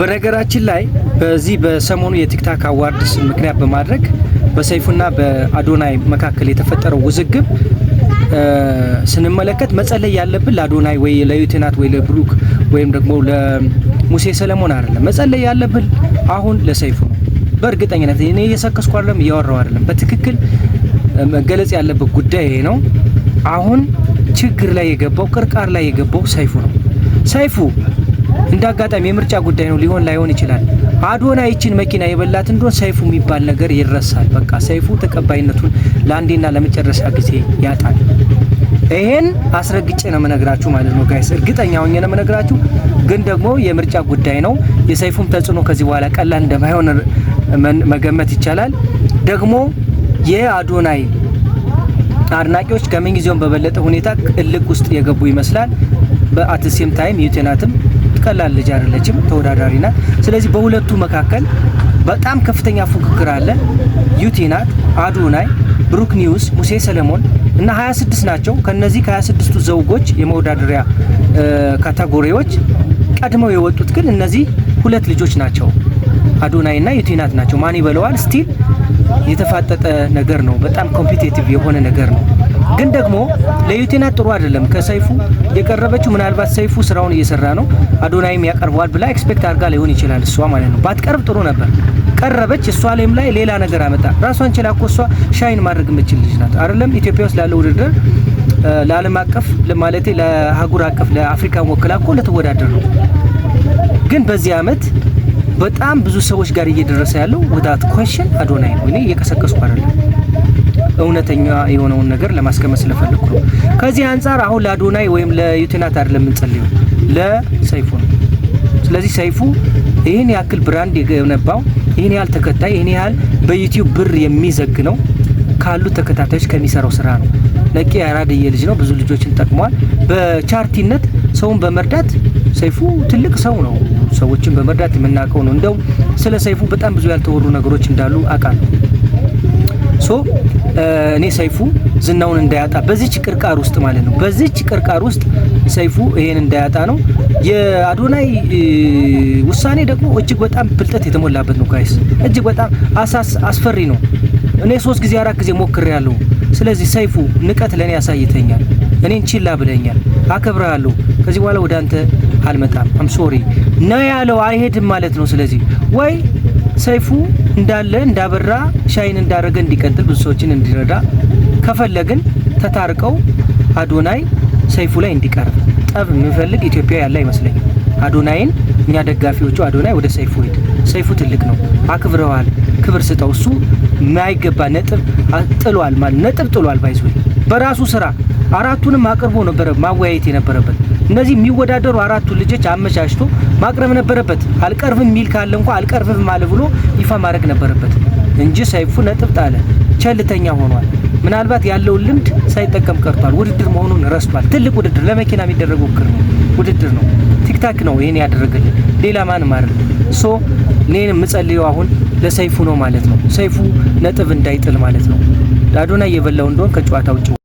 በነገራችን ላይ በዚህ በሰሞኑ የቲክታክ አዋርድስ ምክንያት በማድረግ በሰይፉና በአዶናይ መካከል የተፈጠረው ውዝግብ ስንመለከት መጸለይ ያለብን ለአዶናይ ወይ ለዩቴናት ወይ ለብሩክ ወይም ደግሞ ለሙሴ ሰለሞን አይደለም። መጸለይ ያለብን አሁን ለሰይፉ ነው። በእርግጠኝነት እኔ እየሰከስኩ አይደለም፣ እያወራው አይደለም። በትክክል መገለጽ ያለበት ጉዳይ ይሄ ነው። አሁን ችግር ላይ የገባው ቅርቃር ላይ የገባው ሰይፉ ነው። ሰይፉ እንዳጋጣሚ የምርጫ ጉዳይ ነው፣ ሊሆን ላይሆን ይችላል። አዶና ይችን መኪና የበላት እንደሆን ሰይፉ የሚባል ነገር ይረሳል። በቃ ሰይፉ ተቀባይነቱን ለአንዴና ለመጨረሻ ጊዜ ያጣል። ይሄን አስረግጬ ነው የምነግራችሁ ማለት ነው ጋይስ፣ እርግጠኛ ሆኜ ነው የምነግራችሁ። ግን ደግሞ የምርጫ ጉዳይ ነው። የሰይፉም ተጽዕኖ ከዚህ በኋላ ቀላል እንደማይሆን መገመት ይቻላል። ደግሞ የአዶናይ አድናቂዎች ከምንጊዜውም በበለጠ ሁኔታ እልቅ ውስጥ የገቡ ይመስላል። በአትሴም ታይም ዩቴናትም ቀላል ልጅ አይደለችም፣ ተወዳዳሪ ናት። ስለዚህ በሁለቱ መካከል በጣም ከፍተኛ ፉክክር አለ። ዩቲ ናት፣ አዶናይ፣ ብሩክ ኒውስ፣ ሙሴ ሰለሞን እና 26 ናቸው። ከነዚህ ከ26ቱ ዘውጎች የመወዳደሪያ ካታጎሪዎች ቀድመው የወጡት ግን እነዚህ ሁለት ልጆች ናቸው፣ አዶናይ እና ዩቲናት ናቸው። ማን ይበለዋል ስቲል የተፋጠጠ ነገር ነው። በጣም ኮምፒቴቲቭ የሆነ ነገር ነው። ግን ደግሞ ለዩቴናት ጥሩ አይደለም። ከሰይፉ የቀረበችው ምናልባት ሰይፉ ስራውን እየሰራ ነው አዶናይም ያቀርበዋል ብላ ኤክስፔክት አድርጋ ሊሆን ይችላል እሷ ማለት ነው። ባትቀርብ ጥሩ ነበር። ቀረበች፣ እሷ ላይም ላይ ሌላ ነገር አመጣ። ራሷን ችላ እኮ እሷ ሻይን ማድረግ የምችል ልጅ ናት አይደለም? ኢትዮጵያ ውስጥ ላለ ውድድር ለዓለም አቀፍ ማለቴ ለአህጉር አቀፍ ለአፍሪካ ወክላ እኮ ልትወዳደር ነው። ግን በዚህ አመት በጣም ብዙ ሰዎች ጋር እየደረሰ ያለው ወዳት ኮንሽን አዶናይ ነው። እኔ እየቀሰቀስኩ አይደለም እውነተኛ የሆነውን ነገር ለማስቀመጥ ስለፈለኩ ነው። ከዚህ አንጻር አሁን ለአዶናይ ወይም ለዩቴናት አይደለም የምንጸልየው ለሰይፉ ነው። ስለዚህ ሰይፉ ይህን ያክል ብራንድ የገነባው ይህን ያህል ተከታይ ይህን ያህል በዩቲዩብ ብር የሚዘግ ነው ካሉት ተከታታዮች ከሚሰራው ስራ ነው። ነቄ ያራድዬ ልጅ ነው። ብዙ ልጆችን ጠቅሟል። በቻርቲነት ሰውን በመርዳት ሰይፉ ትልቅ ሰው ነው። ሰዎችን በመርዳት የምናውቀው ነው። እንደው ስለ ሰይፉ በጣም ብዙ ያልተወሩ ነገሮች እንዳሉ አውቃለሁ። ሶ እኔ ሰይፉ ዝናውን እንዳያጣ በዚች ቅርቃር ውስጥ ማለት ነው፣ በዚች ቅርቃር ውስጥ ሰይፉ ይሄን እንዳያጣ ነው። የአዶናይ ውሳኔ ደግሞ እጅግ በጣም ብልጠት የተሞላበት ነው። ጋይስ እጅግ በጣም አስፈሪ ነው። እኔ ሶስት ጊዜ አራት ጊዜ ያለው ስለዚህ ሰይፉ ንቀት ለእኔ ያሳይተኛል። እኔን ችላ ብለኛል። አከብረሃለሁ። ከዚህ በኋላ ወደ አንተ አልመጣም። አም ሶሪ ነው ያለው። አይሄድም ማለት ነው። ስለዚህ ወይ ሰይፉ እንዳለ እንዳበራ ሻይን እንዳረገ እንዲቀጥል ብዙ ሰዎችን እንዲረዳ ከፈለግን ተታርቀው አዶናይ ሰይፉ ላይ እንዲቀርብ ጠብ የሚፈልግ ኢትዮጵያ ያለ አይመስለኝ። አዶናይን እኛ ደጋፊዎቹ አዶናይ ወደ ሰይፉ ሄድ፣ ሰይፉ ትልቅ ነው፣ አክብረዋል፣ ክብር ስጠው። እሱ የማይገባ ነጥብ ጥሏል ማለት ነጥብ ጥሏል። ባይዞ በራሱ ስራ አራቱንም አቅርቦ ነበረ ማወያየት የነበረበት። እነዚህ የሚወዳደሩ አራቱ ልጆች አመቻችቶ ማቅረብ ነበረበት። አልቀርብም የሚል ካለ እንኳ አልቀርብም አለ ብሎ ይፋ ማድረግ ነበረበት እንጂ ሰይፉ ነጥብ ጣለ፣ ቸልተኛ ሆኗል። ምናልባት ያለውን ልምድ ሳይጠቀም ቀርቷል። ውድድር መሆኑን ረስቷል። ትልቅ ውድድር ለመኪና የሚደረግ ውክር ነው ውድድር ነው። ቲክታክ ነው ይህን ያደረገልን ሌላ ማንም አይደለም። ሶ እኔን የምጸልየው አሁን ለሰይፉ ነው ማለት ነው። ሰይፉ ነጥብ እንዳይጥል ማለት ነው። አዶናይ የበላው እንደሆን ከጨዋታ ውጭ